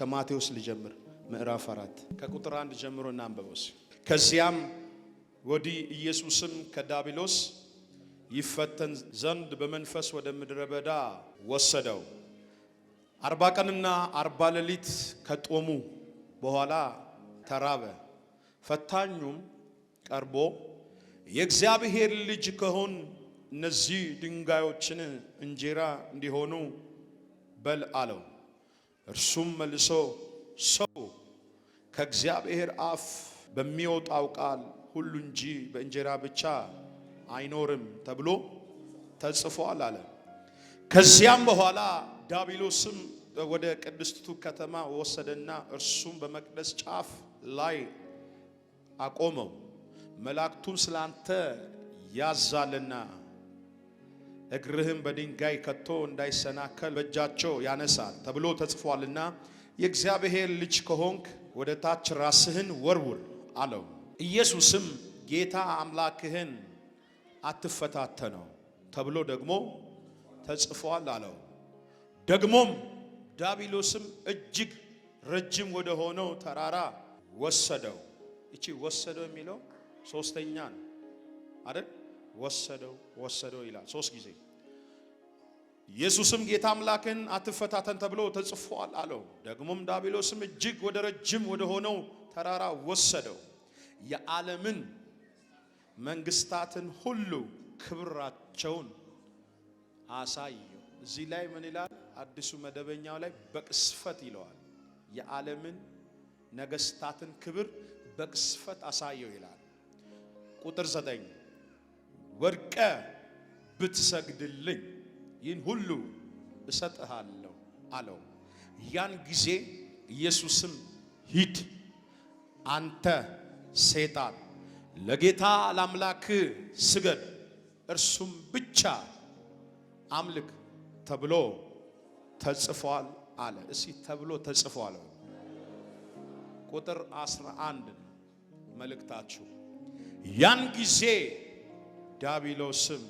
ከማቴዎስ ልጀምር ምዕራፍ አራት ከቁጥር አንድ ጀምሮ እናንበበስ። ከዚያም ወዲህ ኢየሱስም ከዳቢሎስ ይፈተን ዘንድ በመንፈስ ወደ ምድረ በዳ ወሰደው። አርባ ቀንና አርባ ሌሊት ከጦሙ በኋላ ተራበ። ፈታኙም ቀርቦ የእግዚአብሔር ልጅ ከሆን እነዚህ ድንጋዮችን እንጀራ እንዲሆኑ በል አለው። እርሱም መልሶ ሰው ከእግዚአብሔር አፍ በሚወጣው ቃል ሁሉ እንጂ በእንጀራ ብቻ አይኖርም ተብሎ ተጽፏል አለ። ከዚያም በኋላ ዳቢሎስም ወደ ቅድስቲቱ ከተማ ወሰደና እርሱም በመቅደስ ጫፍ ላይ አቆመው። መላእክቱም ስላንተ ያዛልና እግርህም በድንጋይ ከቶ እንዳይሰናከል በእጃቸው ያነሳል ተብሎ ተጽፏልና የእግዚአብሔር ልጅ ከሆንክ ወደ ታች ራስህን ወርውር አለው። ኢየሱስም ጌታ አምላክህን አትፈታተነው ተብሎ ደግሞ ተጽፏል አለው። ደግሞም ዳቢሎስም እጅግ ረጅም ወደ ሆነው ተራራ ወሰደው። እቺ ወሰደው የሚለው ሶስተኛ ነው አይደል? ወሰደው ወሰደው ይላል ሶስት ጊዜ ኢየሱስም ጌታ አምላክን አትፈታተን ተብሎ ተጽፏል አለው። ደግሞም ዳቢሎስም እጅግ ወደ ረጅም ወደ ሆነው ተራራ ወሰደው። የዓለምን መንግስታትን ሁሉ ክብራቸውን አሳየው። እዚህ ላይ ምን ይላል? አዲሱ መደበኛው ላይ በቅስፈት ይለዋል። የዓለምን ነገስታትን ክብር በቅስፈት አሳየው ይላል። ቁጥር ዘጠኝ ወድቀ ብትሰግድልኝ ይህን ሁሉ እሰጥሃለሁ አለው። ያን ጊዜ ኢየሱስም ሂድ አንተ ሰይጣን ለጌታ ለአምላክ ስገድ፣ እርሱም ብቻ አምልክ ተብሎ ተጽፏል አለ። እስቲ ተብሎ ተጽፏል። ቁጥር 11 መልእክታችሁ ያን ጊዜ ዳቢሎስም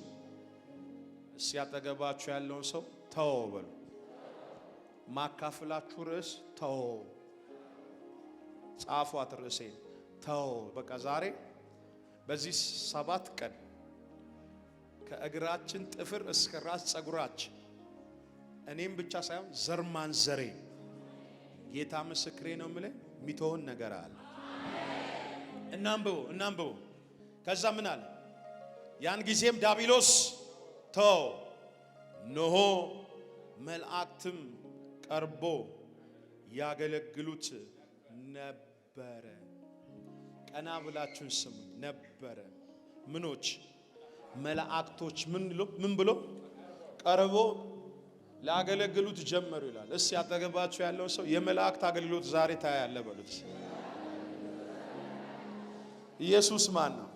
ሲያጠገባችሁ ያለውን ሰው ተው በሉ። ማካፍላችሁ ርዕስ ተው፣ ጻፏት ርዕሴን ተው። በቃ ዛሬ በዚህ ሰባት ቀን ከእግራችን ጥፍር እስከ ራስ ጸጉራችን እኔም ብቻ ሳይሆን ዘርማን ዘሬ ጌታ ምስክሬ ነው የምልህ የሚተውን ነገር አለ። እናንብቦ እናንብቦ ከዛ ምን አለ? ያን ጊዜም ዳቢሎስ ተው። ኖሆ መላእክትም ቀርቦ ያገለግሉት ነበረ። ቀና ብላችሁን ስሙ። ነበረ ምኖች መላእክቶች ምን ብሎ ቀርቦ ላገለግሉት ጀመሩ ይላል። እስ ያጠገባችሁ ያለው ሰው የመላእክት አገልግሎት ዛሬ ታያለ በሉት። ኢየሱስ ማን ነው?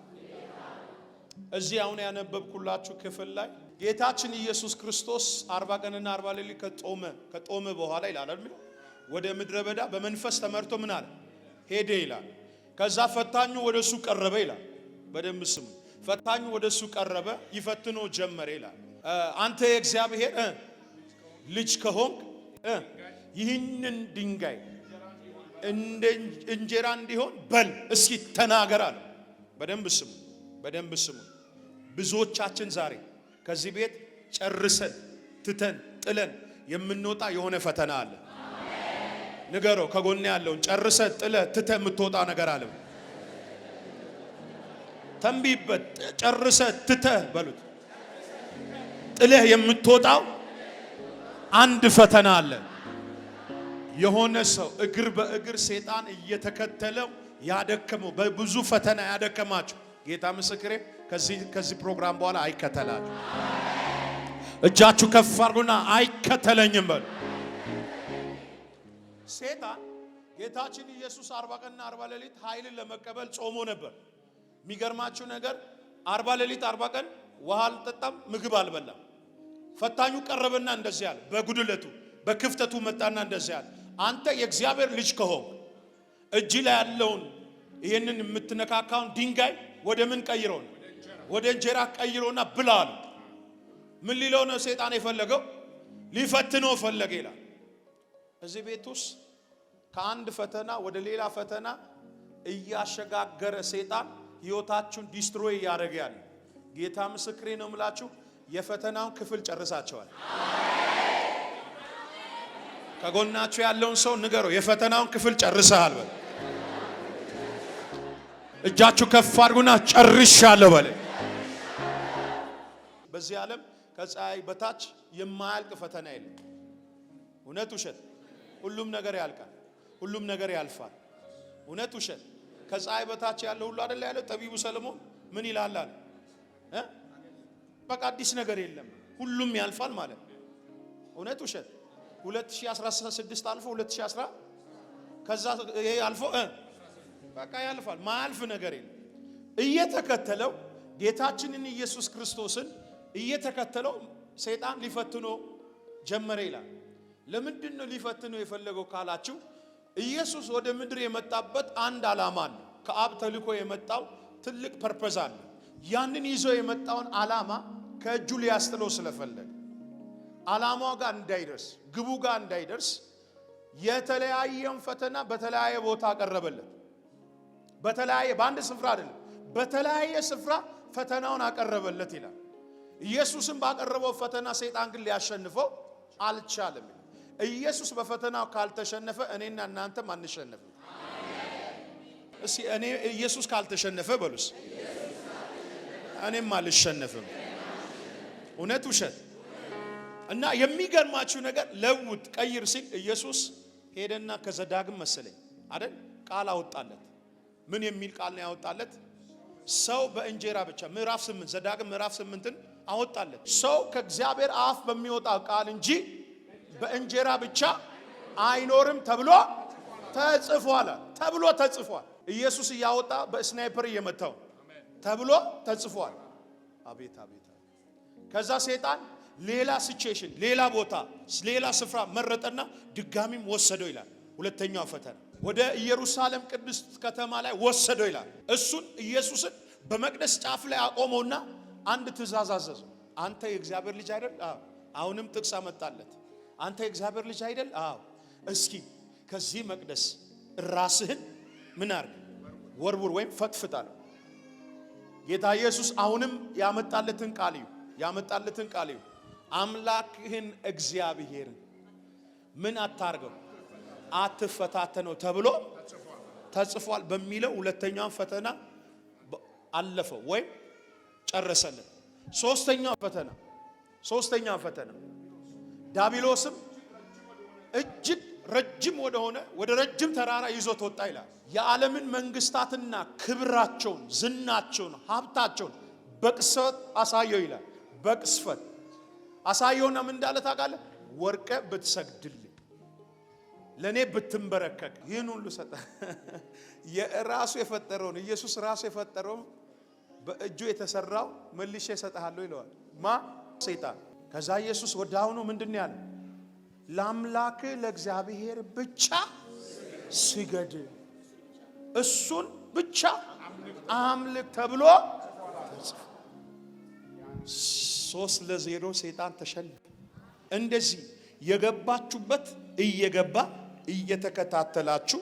እዚህ አሁን ያነበብኩላችሁ ክፍል ላይ ጌታችን ኢየሱስ ክርስቶስ አርባ ቀንና አርባ ሌሊት ከጦመ ከጦመ በኋላ ይላል አይደል ወደ ምድረ በዳ በመንፈስ ተመርቶ ምን አለ ሄደ ይላል። ከዛ ፈታኙ ወደ እሱ ቀረበ ይላል። በደንብ ስሙ። ፈታኙ ወደ እሱ ቀረበ ይፈትኖ ጀመረ ይላል። አንተ የእግዚአብሔር ልጅ ከሆንክ ይህንን ድንጋይ እንደ እንጀራ እንዲሆን በል እስኪ ተናገር አለ። በደንብ ስሙ፣ በደንብ ስሙ። ብዙዎቻችን ዛሬ ከዚህ ቤት ጨርሰን ትተን ጥለን የምንወጣ የሆነ ፈተና አለ። ንገረው ከጎን ያለውን ጨርሰ ጥለ ትተ የምትወጣ ነገር አለ። ተንቢበት ጨርሰ ትተ በሉት። ጥለህ የምትወጣው አንድ ፈተና አለ። የሆነ ሰው እግር በእግር ሴጣን እየተከተለው ያደከመው በብዙ ፈተና ያደከማቸው ጌታ ምስክሬ ከዚህ ፕሮግራም በኋላ አይከተላል። እጃችሁ ከፍ አድርጉና አይከተለኝም በሉ። ሴጣን ጌታችን ኢየሱስ አርባ ቀንና አርባ ሌሊት ኃይልን ለመቀበል ጾሞ ነበር። የሚገርማችሁ ነገር አርባ ሌሊት አርባ ቀን ውሃ አልጠጣም፣ ምግብ አልበላም። ፈታኙ ቀረበና እንደዚህ አለ። በጉድለቱ በክፍተቱ መጣና እንደዚህ አለ። አንተ የእግዚአብሔር ልጅ ከሆን እጅ ላይ ያለውን ይህንን የምትነካካውን ድንጋይ ወደ ምን ቀይረውን ወደ እንጀራ ቀይሮና ብላ አሉ። ምን ሊለው ነው ሰይጣን የፈለገው? ሊፈትኖ ፈለገ ይላል። እዚህ ቤት ውስጥ ከአንድ ፈተና ወደ ሌላ ፈተና እያሸጋገረ ሰይጣን ህይወታችሁን ዲስትሮይ እያደረገ ያለ ጌታ ምስክሬ ነው የምላችሁ። የፈተናውን ክፍል ጨርሳቸዋል። ከጎናችሁ ያለውን ሰው ንገረው፣ የፈተናውን ክፍል ጨርሰሃል በል። እጃችሁ ከፍ አድርጉና ጨርሻለሁ በለ በዚህ ዓለም ከፀሐይ በታች የማያልቅ ፈተና የለም። እውነት ውሸት፣ ሁሉም ነገር ያልቃል፣ ሁሉም ነገር ያልፋል። እውነት ውሸት፣ ከፀሐይ በታች ያለው ሁሉ አይደለ ያለው ጠቢቡ ሰለሞን ምን ይላል አለ እ በቃ አዲስ ነገር የለም፣ ሁሉም ያልፋል ማለት ነው። እውነት ውሸት 2016 አልፎ 2010 ከዛ ይሄ አልፎ በቃ ያልፋል። ማያልፍ ነገር የለም። እየተከተለው ጌታችንን ኢየሱስ ክርስቶስን እየተከተለው ሰይጣን ሊፈትኖ ጀመረ ይላል። ለምንድን ነው ሊፈትኖ የፈለገው ካላችሁ ኢየሱስ ወደ ምድር የመጣበት አንድ ዓላማ አለ። ከአብ ተልኮ የመጣው ትልቅ ፐርፐዝ አለ። ያንን ይዞ የመጣውን ዓላማ ከእጁ ሊያስጥለው ስለፈለገ ዓላማው ጋር እንዳይደርስ፣ ግቡ ጋር እንዳይደርስ የተለያየን ፈተና በተለያየ ቦታ አቀረበለት። በተለያየ በአንድ ስፍራ አይደለም፣ በተለያየ ስፍራ ፈተናውን አቀረበለት ይላል። ኢየሱስን ባቀረበው ፈተና ሰይጣን ግን ሊያሸንፈው አልቻለም። ኢየሱስ በፈተናው ካልተሸነፈ እኔና እናንተም አንሸነፍም። እስኪ እኔ ኢየሱስ ካልተሸነፈ በሉስ እኔም አልሸነፍም። እውነት ውሸት እና የሚገርማችሁ ነገር ለውጥ ቀይር ሲል ኢየሱስ ሄደና ከዘዳግም መሰለኝ አይደል ቃል አወጣለት። ምን የሚል ቃል ነው ያወጣለት? ሰው በእንጀራ ብቻ ምዕራፍ ስምንት ዘዳግም ምዕራፍ ስምንትን አወጣለት። ሰው ከእግዚአብሔር አፍ በሚወጣ ቃል እንጂ በእንጀራ ብቻ አይኖርም ተብሎ ተጽፏል። ተብሎ ተጽፏል። ኢየሱስ እያወጣ በስናይፐር እየመታው ተብሎ ተጽፏል። አቤት አቤት! ከዛ ሴጣን ሌላ ሲቹዌሽን፣ ሌላ ቦታ፣ ሌላ ስፍራ መረጠና ድጋሚም ወሰደው ይላል። ሁለተኛው ፈተና ወደ ኢየሩሳሌም ቅድስት ከተማ ላይ ወሰደው ይላል። እሱን ኢየሱስን በመቅደስ ጫፍ ላይ አቆመውና አንድ ትእዛዝ አዘዘ። አንተ የእግዚአብሔር ልጅ አይደል? አዎ። አሁንም ጥቅስ አመጣለት። አንተ የእግዚአብሔር ልጅ አይደል? አዎ። እስኪ ከዚህ መቅደስ ራስህን ምን አርግ፣ ወርውር ወይም ፈትፍት አለው። ጌታ ኢየሱስ አሁንም ያመጣለትን ቃል እዩ፣ ያመጣለትን ቃል እዩ። አምላክህን እግዚአብሔርን ምን አታርገው፣ አትፈታተነው ተብሎ ተጽፏል በሚለው ሁለተኛውን ፈተና አለፈው ወይም ጨረሰልን። ሶስተኛ ፈተና ሶስተኛ ፈተና ዳቢሎስም እጅግ ረጅም ወደሆነ ወደ ረጅም ተራራ ይዞት ወጣ ይላል። የዓለምን መንግስታትና ክብራቸውን፣ ዝናቸውን፣ ሀብታቸውን በቅስፈት አሳየው ይላል። በቅስፈት አሳየውና ምን እንዳለ ታውቃለህ? ወርቀ ብትሰግድልኝ፣ ለእኔ ብትንበረከክ፣ ይህን ሁሉ ሰጠ። የራሱ የፈጠረውን ኢየሱስ ራሱ የፈጠረውን በእጁ የተሰራው መልሼ እሰጥሃለሁ ይለዋል። ማ ሰይጣን። ከዛ ኢየሱስ ወደ አሁኑ ምንድን ነው ያለው? ለአምላክ ለእግዚአብሔር ብቻ ስገድ፣ እሱን ብቻ አምልክ ተብሎ ሶስት ለዜሮ ሰይጣን ተሸነፈ። እንደዚህ የገባችሁበት እየገባ እየተከታተላችሁ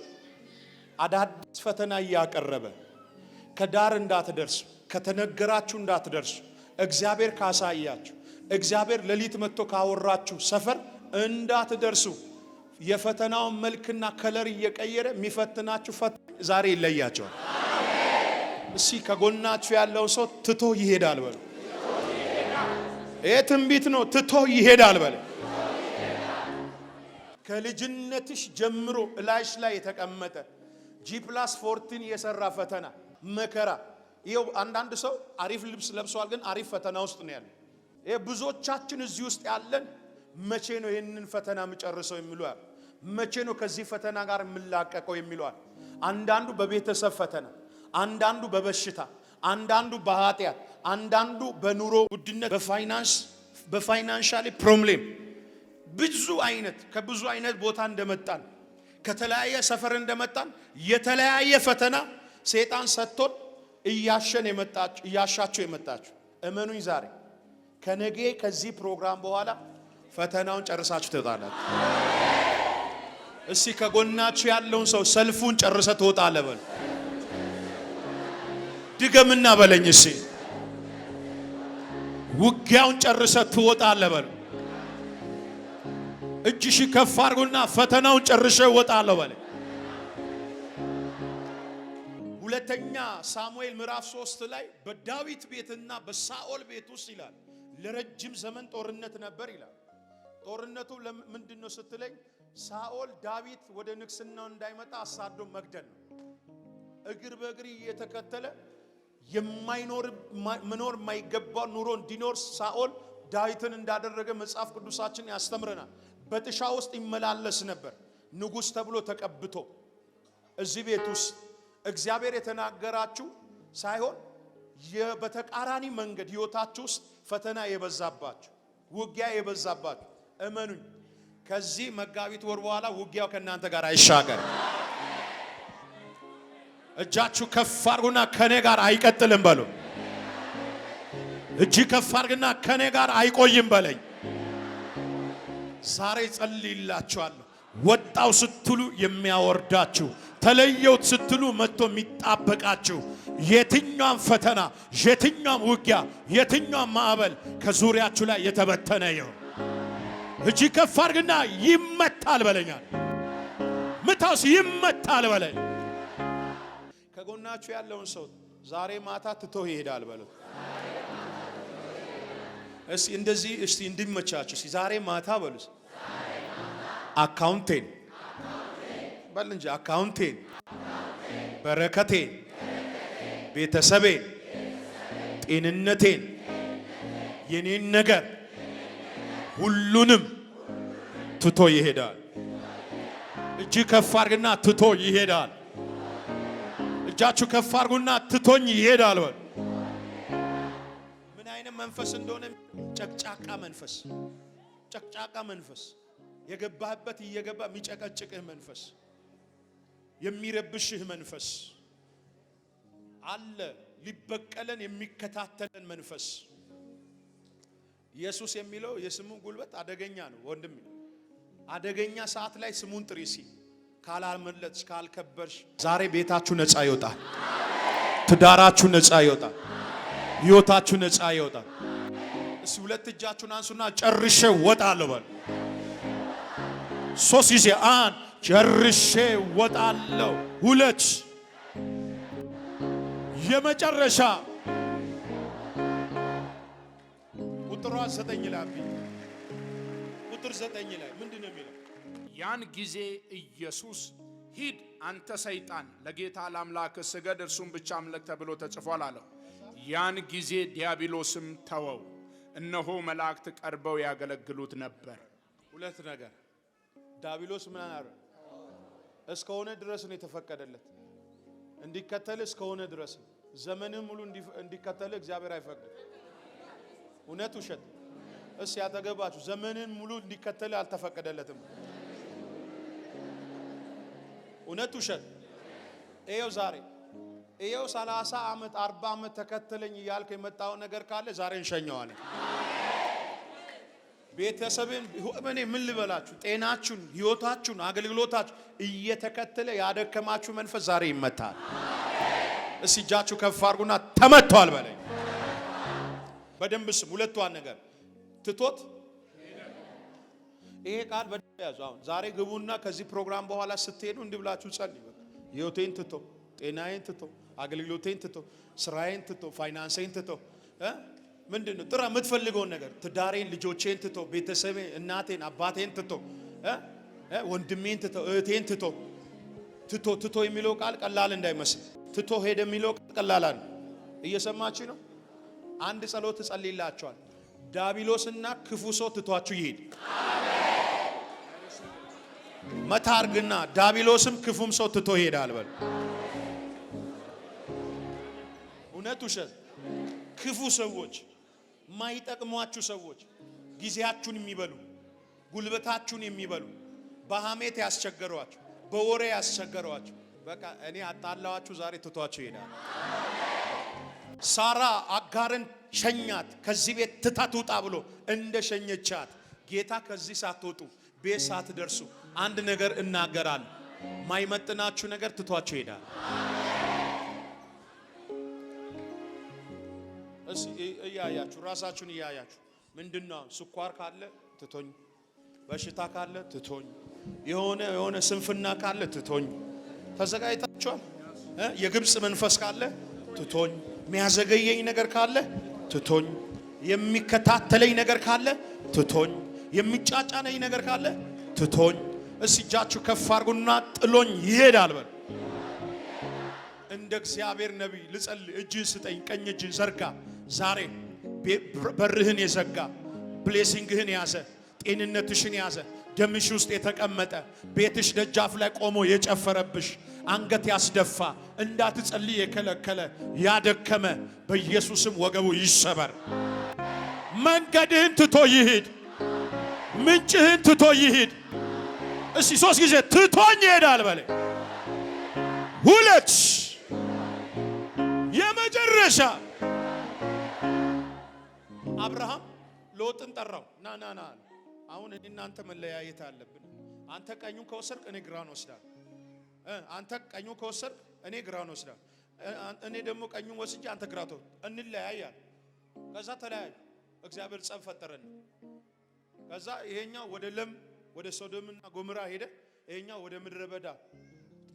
አዳዲስ ፈተና እያቀረበ ከዳር እንዳትደርሱ ከተነገራችሁ እንዳትደርሱ እግዚአብሔር ካሳያችሁ እግዚአብሔር ሌሊት መጥቶ ካወራችሁ ሰፈር እንዳትደርሱ። የፈተናውን መልክና ከለር እየቀየረ የሚፈትናችሁ ፈ ዛሬ ይለያቸዋል። እሲ ከጎናችሁ ያለው ሰው ትቶ ይሄዳል በሉ። ይሄ ትንቢት ነው። ትቶ ይሄዳል በለ። ከልጅነትሽ ጀምሮ እላይሽ ላይ የተቀመጠ ጂፕላስ ፎርቲን የሰራ ፈተና መከራ ይኸው አንዳንድ ሰው አሪፍ ልብስ ለብሷል፣ ግን አሪፍ ፈተና ውስጥ ነው ያለ። ይሄ ብዙዎቻችን እዚህ ውስጥ ያለን መቼ ነው ይህንን ፈተና የምጨርሰው የሚሏል፣ መቼ ነው ከዚህ ፈተና ጋር የምላቀቀው የሚሏል። አንዳንዱ በቤተሰብ ፈተና፣ አንዳንዱ በበሽታ፣ አንዳንዱ በኃጢአት፣ አንዳንዱ በኑሮ ውድነት፣ በፋይናንስ በፋይናንሻሊ ፕሮብሌም ብዙ አይነት ከብዙ አይነት ቦታ እንደመጣን ከተለያየ ሰፈር እንደመጣን የተለያየ ፈተና ሴጣን ሰጥቶን እያሸን የመጣችሁ እያሻችሁ የመጣችሁ እመኑኝ፣ ዛሬ ከነገ ከዚህ ፕሮግራም በኋላ ፈተናውን ጨርሳችሁ ትወጣላችሁ። እስቲ ከጎናችሁ ያለውን ሰው ሰልፉን ጨርሰ ትወጣለህ በል። ድገምና በለኝ እስቲ ውጊያውን ጨርሰ ትወጣለህ በል። እጅሽ ከፍ አርጉና ፈተናውን ጨርሸ እወጣለሁ በለኝ። ሁለተኛ ሳሙኤል ምዕራፍ ሶስት ላይ በዳዊት ቤትና በሳኦል ቤት ውስጥ ይላል ለረጅም ዘመን ጦርነት ነበር ይላል። ጦርነቱ ለምንድን ነው ስትለኝ፣ ሳኦል ዳዊት ወደ ንግስናው እንዳይመጣ አሳዶ መግደል ነው። እግር በእግር እየተከተለ የማይኖር መኖር የማይገባ ኑሮ እንዲኖር ሳኦል ዳዊትን እንዳደረገ መጽሐፍ ቅዱሳችን ያስተምረናል። በጥሻ ውስጥ ይመላለስ ነበር ንጉሥ ተብሎ ተቀብቶ እዚህ ቤት ውስጥ እግዚአብሔር የተናገራችሁ ሳይሆን በተቃራኒ መንገድ ህይወታችሁ ውስጥ ፈተና የበዛባችሁ ውጊያ የበዛባችሁ እመኑኝ፣ ከዚህ መጋቢት ወር በኋላ ውጊያው ከእናንተ ጋር አይሻገር። እጃችሁ ከፍ አርጉና ከኔ ጋር አይቀጥልም በሉ። እጅ ከፍ ከኔ ጋር አይቆይም በለኝ። ዛሬ ጸልይላችኋለሁ። ወጣው ስትሉ የሚያወርዳችሁ ተለየውት ስትሉ መጥቶ የሚጣበቃችሁ የትኛም ፈተና፣ የትኛም ውጊያ፣ የትኛም ማዕበል ከዙሪያችሁ ላይ የተበተነ ይሁን። እጅ ከፍ አድርግና ይመታል በለኛል። ምታስ ይመታል በለኝ። ከጎናችሁ ያለውን ሰው ዛሬ ማታ ትቶ ይሄዳል በለው። እስቲ እንደዚህ እስቲ እንዲመቻችሁ ዛሬ ማታ በሉስ አካውንቴን በል እንጂ አካውንቴን፣ በረከቴን፣ ቤተሰቤን፣ ጤንነቴን፣ የኔን ነገር ሁሉንም ትቶ ይሄዳል። እጅ ከፍ አድርግና ትቶ ይሄዳል። እጃችሁ ከፍ አድርጉና ትቶኝ ይሄዳል። በል ምን አይነት መንፈስ እንደሆነ ጨቅጫቃ መንፈስ ጨቅጫቃ መንፈስ የገባህበት እየገባ የሚጨቀጭቅህ መንፈስ፣ የሚረብሽህ መንፈስ አለ። ሊበቀለን የሚከታተለን መንፈስ ኢየሱስ የሚለው የስሙ ጉልበት አደገኛ ነው ወንድም አደገኛ ሰዓት ላይ ስሙን ጥሪ ሲ ካላመለጥሽ ካልከበርሽ፣ ዛሬ ቤታችሁ ነፃ ይወጣል። ትዳራችሁ ነፃ ይወጣል። ሕይወታችሁ ነፃ ይወጣል። እስ ሁለት እጃችሁን አንሱና ጨርሼ ወጣለሁ በል ሶስት ጊዜ አን ጨርሼ ወጣለሁ። ሁለት የመጨረሻ ቁጥሯ ዘጠኝ ላይ ቁጥር ዘጠኝ ላይ ምንድን ነው የሚለው? ያን ጊዜ ኢየሱስ ሂድ አንተ ሰይጣን ለጌታ ለአምላክ ስገድ እርሱም ብቻ አምልክ ተብሎ ተጽፏል አለው። ያን ጊዜ ዲያብሎስም ተወው፣ እነሆ መላእክት ቀርበው ያገለግሉት ነበር። ሁለት ነገር ዳቢሎስ ምን አረ እስከሆነ ድረስ ነው የተፈቀደለት እንዲከተል እስከሆነ ድረስ ዘመንህ ሙሉ እንዲከተል እግዚአብሔር አይፈቅድም። እውነት ውሸት እስ ያጠገባችሁ ዘመንን ሙሉ እንዲከተል አልተፈቀደለትም። እውነት ውሸት ይኸው ዛሬ ይኸው 30 ዓመት 40 ዓመት ተከተለኝ እያልክ የመጣው ነገር ካለ ዛሬ እንሸኘዋለን። ቤተሰብን እኔ ምን ልበላችሁ፣ ጤናችሁን፣ ህይወታችሁን፣ አገልግሎታችሁ እየተከተለ ያደከማችሁ መንፈስ ዛሬ ይመታል። እስ እጃችሁ ከፍ አድርጉና ተመቷል በለኝ። በደንብ ስም ሁለቷን ነገር ትቶት ይሄ ቃል በደንብ ያዙ። አሁን ዛሬ ግቡና ከዚህ ፕሮግራም በኋላ ስትሄዱ እንዲህ ብላችሁ ጸልዩ። ህይወቴን ትቶ፣ ጤናዬን ትቶ፣ አገልግሎቴን ትቶ፣ ስራዬን ትቶ፣ ፋይናንሴን ትቶ ምንድን ነው ጥራ የምትፈልገውን ነገር ትዳሬን፣ ልጆቼን ትቶ ቤተሰቤ፣ እናቴን፣ አባቴን ትቶ ወንድሜን ትቶ እህቴን ትቶ ትቶ ትቶ የሚለው ቃል ቀላል እንዳይመስል ትቶ ሄደ የሚለው ቃል ቀላል ነው። እየሰማችሁ ነው። አንድ ጸሎት ትጸልይላችኋል። ዳቢሎስና ክፉ ሰው ትቷችሁ ይሄድ። መታርግና ዳቢሎስም ክፉም ሰው ትቶ ይሄዳል። በል እውነት ውሸት ክፉ ሰዎች ማይጠቅሟችሁ ሰዎች፣ ጊዜያችሁን የሚበሉ ጉልበታችሁን የሚበሉ በሐሜት ያስቸገሯችሁ፣ በወሬ ያስቸገሯችሁ፣ በቃ እኔ አጣላዋችሁ ዛሬ ትቷችሁ ይሄዳል። ሳራ አጋርን ሸኛት፣ ከዚህ ቤት ትታት ውጣ ብሎ እንደ ሸኘቻት ጌታ ከዚህ ሳትወጡ ቤት ሳትደርሱ አንድ ነገር እናገራለሁ፣ ማይመጥናችሁ ነገር ትቷችሁ ይሄዳል። እያያችሁ ራሳችሁን እያያችሁ ምንድነው? ስኳር ካለ ትቶኝ፣ በሽታ ካለ ትቶኝ፣ የሆነ የሆነ ስንፍና ካለ ትቶኝ። ተዘጋጅታችኋል? የግብፅ መንፈስ ካለ ትቶኝ፣ የሚያዘገየኝ ነገር ካለ ትቶኝ፣ የሚከታተለኝ ነገር ካለ ትቶኝ፣ የሚጫጫነኝ ነገር ካለ ትቶኝ። እስ እጃችሁ ከፍ አድርጉና ጥሎኝ ይሄዳል በል እንደ እግዚአብሔር ነቢይ ልጸልይ። እጅ ስጠኝ፣ ቀኝ እጅ ዘርጋ ዛሬ በርህን የዘጋ ብሌሲንግህን ያዘ፣ ጤንነትሽን ያዘ፣ ደምሽ ውስጥ የተቀመጠ ቤትሽ ደጃፍ ላይ ቆሞ የጨፈረብሽ አንገት ያስደፋ እንዳትጸልይ የከለከለ ያደከመ በኢየሱስም ወገቡ ይሰበር። መንገድህን ትቶ ይሂድ። ምንጭህን ትቶ ይሂድ። እስቲ ሶስት ጊዜ ትቶኝ ይሄዳል በለ። ሁለት የመጨረሻ አብርሃም ሎጥን ጠራው። ና ና ና፣ አሁን እኔ እናንተ መለያየት አለብን። አንተ ቀኙን ከወሰድክ እኔ ግራን ወስዳል። አንተ ቀኙን ከወሰድክ እኔ ግራን ወስዳል። እኔ ደግሞ ቀኙን ወስጄ አንተ ግራ ተው፣ እንለያያል። ከዛ ተለያዩ። እግዚአብሔር ጸብ ፈጠረን። ከዛ ይሄኛው ወደ ለም ወደ ሶዶምና ጎምራ ሄደ፣ ይሄኛው ወደ ምድረ በዳ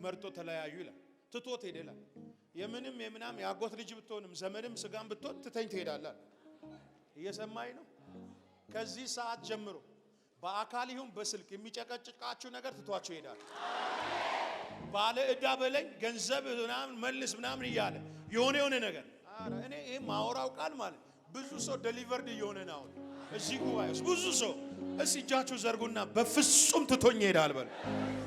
መርጦ ተለያዩ ይላል። ትቶት ሄደ የምንም የምናም የአጎት ልጅ ብትሆንም ዘመድም ስጋም ብትሆን ትተኝ ትሄዳላል። እየሰማኝ ነው። ከዚህ ሰዓት ጀምሮ በአካል ይሁን በስልክ የሚጨቀጭቃችሁ ነገር ትቷችሁ ይሄዳል። ባለ እዳ በለኝ ገንዘብ ምናምን መልስ ምናምን እያለ የሆነ የሆነ ነገር እኔ ይህ ማወራው ቃል ማለት ብዙ ሰው ደሊቨርድ እየሆነ ነው። እዚህ ጉባኤ ውስጥ ብዙ ሰው እስ እጃችሁ ዘርጉና በፍጹም ትቶኝ ይሄዳል በል